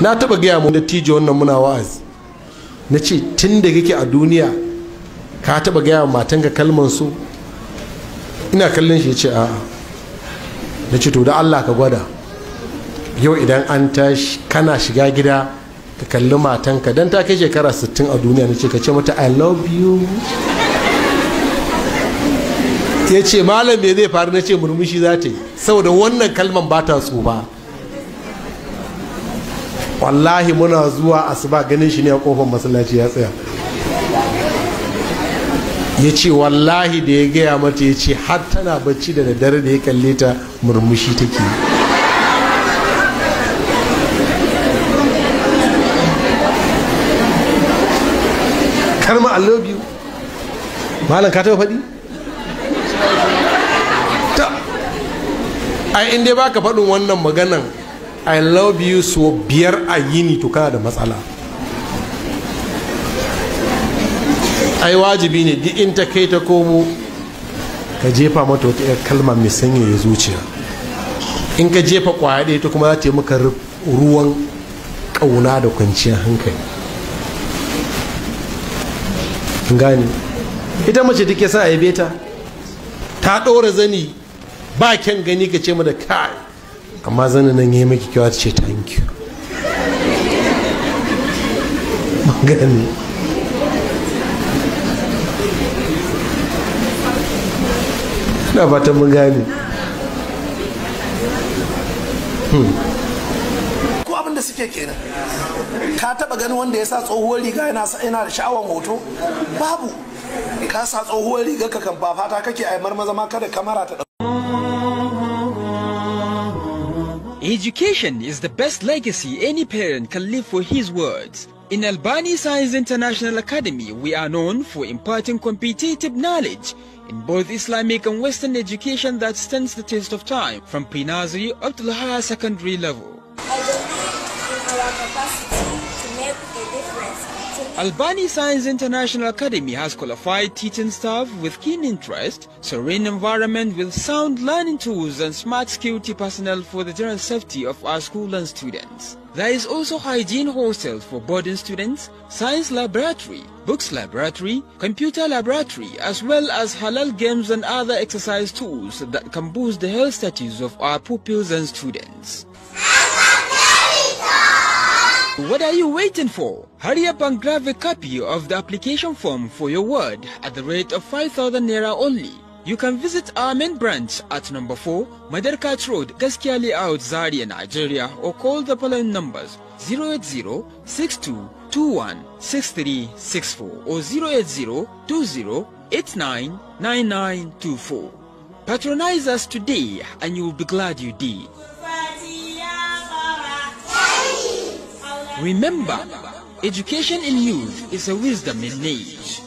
na taɓa gaya mu dattijo wannan muna wa'azi na ce tun da kake a duniya ka taɓa gaya wa matanka kalman su ina kallon shi ya ce a'a na ce to da allah ka gwada yau idan an tashi kana shiga gida ka kalli matanka don ta kai shekara 60 a duniya na ce ka ce mata i love you ya ce malam me zai faru na ce murmushi za ta yi saboda wannan kalman ba ta tsufa wallahi muna zuwa asuba ganin shi ne a kofar masallaci ya tsaya ya ce wallahi da ya gaya mata ya ce har tana bacci da daddare da ya kalle ta murmushi take karma allo biyu malam ka taɓa faɗi ai in dai baka faɗin wannan maganan i love you so biyar a yini to kana da matsala ai wajibi ne duk in ta kai ta komo ka jefa mata wata yar kalma mai sanya ya zuciya in ka jefa kwaya ɗaya ta kuma za ta yi maka ruwan ƙauna da kwanciyar hankali gani ita mace take sa a yabe ta ta ɗora zani ba kyan gani ka ce da kai amma zanen nan ya yi maki kyau ce thank you gani na fatan mun gane hmm. ko abin da suke kenan ka taba ganin wanda ya sa tsohuwar riga yana da sha'awar hoto babu ka sa tsohuwar riga ka kan ba fata kake a marmaza ma kada kamara ta Education is the best legacy any parent can leave for his words. In Albani Science International Academy, we are known for imparting competitive knowledge in both Islamic and Western education that stands the test of time, from pre-nursery up to the higher secondary level. Albany Science International Academy has qualified teaching staff with keen interest, serene environment with sound learning tools and smart security personnel for the general safety of our school and students. There is also hygiene hostels for boarding students, science laboratory, books laboratory, computer laboratory, as well as halal games and other exercise tools that can boost the health status of our pupils and students. What are you waiting for? Hurry up and grab a copy of the application form for your ward at the rate of 5,000 Naira only. You can visit our main branch at number 4, Madarkat Road, Gaskia Layout, Zaria, Nigeria or call the following numbers 80 or 80 Patronize us today and you will be glad you did. Remember, education in youth is a wisdom in age.